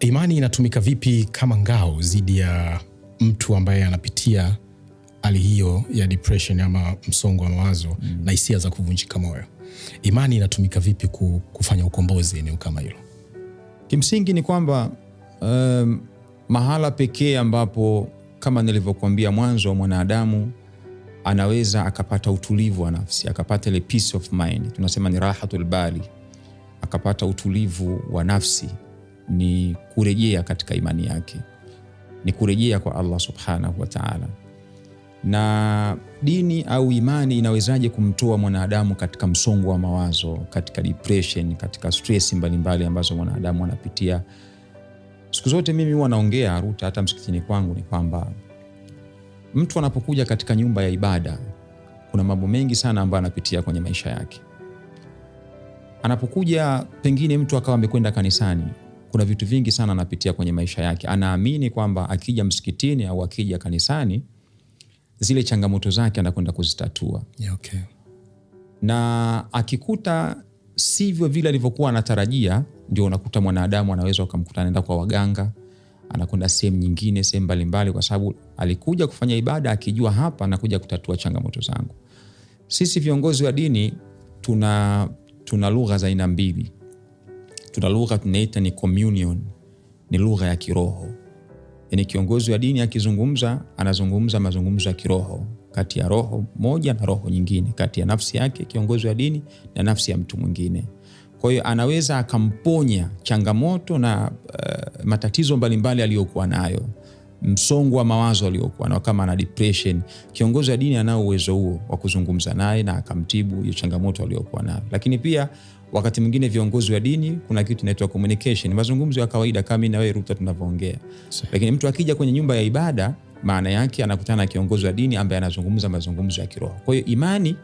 imani inatumika vipi kama ngao dhidi ya mtu ambaye anapitia hali hiyo ya depression ama msongo wa mawazo mm. na hisia za kuvunjika moyo? Imani inatumika vipi kufanya ukombozi eneo kama hilo? Kimsingi ni kwamba um, mahala pekee ambapo kama nilivyokuambia mwanzo wa mwanadamu anaweza akapata utulivu wa nafsi, akapata ile peace of mind, tunasema ni rahatul bali, akapata utulivu wa nafsi ni kurejea katika imani yake, ni kurejea kwa Allah subhanahu wa ta'ala. Na dini au imani inawezaje kumtoa mwanadamu katika msongo wa mawazo, katika depression, katika stress mbalimbali ambazo mwanadamu anapitia? Siku zote mimi huwa naongea Ruta, hata msikitini kwangu, ni kwamba mtu anapokuja katika nyumba ya ibada kuna mambo mengi sana ambayo anapitia kwenye maisha yake. Anapokuja pengine mtu akawa amekwenda kanisani kuna vitu vingi sana anapitia kwenye maisha yake. Anaamini kwamba akija msikitini au akija kanisani zile changamoto zake anakwenda kuzitatua. Yeah, okay. Na akikuta sivyo vile alivyokuwa anatarajia, ndio unakuta mwanadamu anaweza ukamkuta anaenda kwa waganga, anakwenda sehemu nyingine, sehemu mbalimbali, kwa sababu alikuja kufanya ibada akijua hapa anakuja kutatua changamoto zangu. Sisi viongozi wa dini tuna, tuna lugha za aina mbili tuna lugha tunaita ni communion, ni lugha ya kiroho. yani kiongozi wa dini akizungumza, anazungumza mazungumzo ya kiroho kati ya roho moja na roho nyingine, kati ya nafsi yake kiongozi wa dini na nafsi ya mtu mwingine. Kwa hiyo anaweza akamponya changamoto na uh, matatizo mbalimbali aliyokuwa nayo msongo wa mawazo aliokuwa nao, kama ana depression, kiongozi wa dini anao uwezo huo wa kuzungumza naye na akamtibu hiyo changamoto aliokuwa nayo. Lakini pia wakati mwingine viongozi wa dini, kuna kitu inaitwa communication, mazungumzo ya kawaida kama mimi na wewe Ruta tunavyoongea. Lakini mtu akija kwenye nyumba ya ibada, maana yake anakutana na kiongozi wa dini ambaye anazungumza mazungumzo ya kiroho. Kwa hiyo imani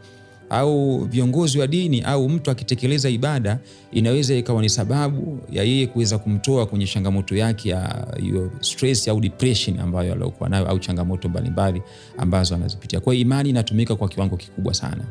au viongozi wa dini au mtu akitekeleza ibada inaweza ikawa ni sababu ya yeye kuweza kumtoa kwenye changamoto yake ya hiyo stress au depression ambayo aliokuwa nayo au changamoto mbalimbali ambazo anazipitia. Kwa hiyo imani inatumika kwa kiwango kikubwa sana.